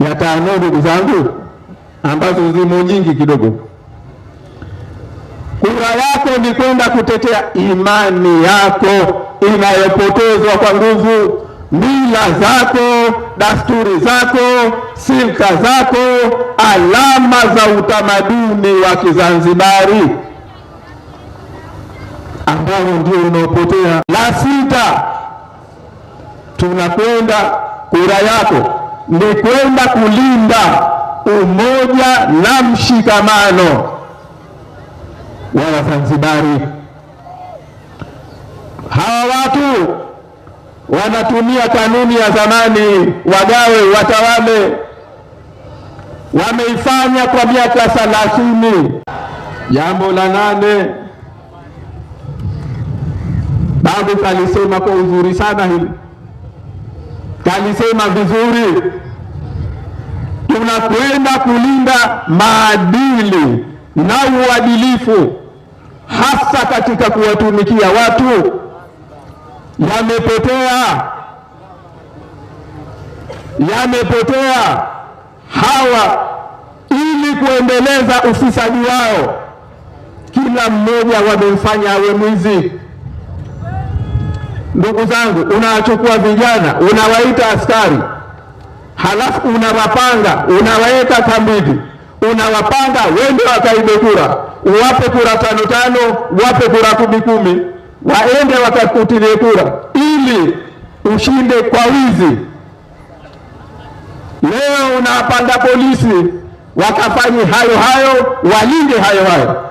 ya tano, ndugu zangu, ambazo zimo nyingi kidogo. Kura yako ni kwenda kutetea imani yako inayopotezwa kwa nguvu, mila zako, dasturi zako, silka zako, alama za utamaduni wa Kizanzibari ambao ndio unaopotea. La sita, tunakwenda kura yako ni kwenda kulinda umoja na mshikamano wa Wazanzibari. Hawa watu wanatumia kanuni ya zamani, wagawe watawale, wameifanya kwa miaka thelathini. Jambo la nane, babu kalisema kwa uzuri sana hili kalisema vizuri, tunakwenda kulinda maadili na uadilifu hasa katika kuwatumikia watu. Yamepotea, yamepotea hawa, ili kuendeleza ufisadi wao. Kila mmoja wamemfanya awe mwizi ndugu zangu, unawachukua vijana unawaita askari, halafu unawapanga unawaweka kambini, unawapanga wende wakaibe kura, uwape kura tano tano, wape kura kumi kumi, waende wakakutilie kura ili ushinde kwa wizi. Leo unawapanga polisi wakafanye hayo hayo, walinde hayo hayo.